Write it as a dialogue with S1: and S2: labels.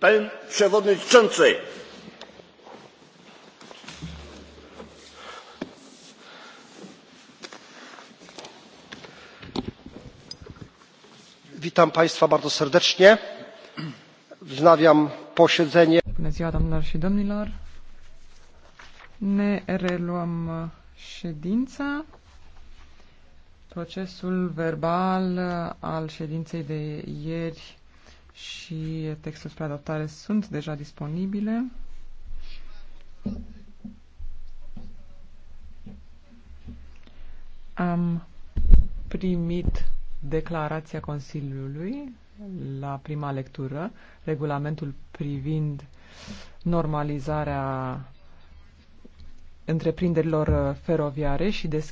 S1: Panie Przewodniczący!
S2: Witam Państwa bardzo serdecznie. Wznawiam posiedzenie. Bună ziua, doamnelor și domnilor!
S3: Ne reluăm ședința. Procesul verbal al ședinței de ieri și textul spre adoptare sunt deja disponibile. Am primit declarația Consiliului la prima lectură, regulamentul privind normalizarea întreprinderilor feroviare și deschiderea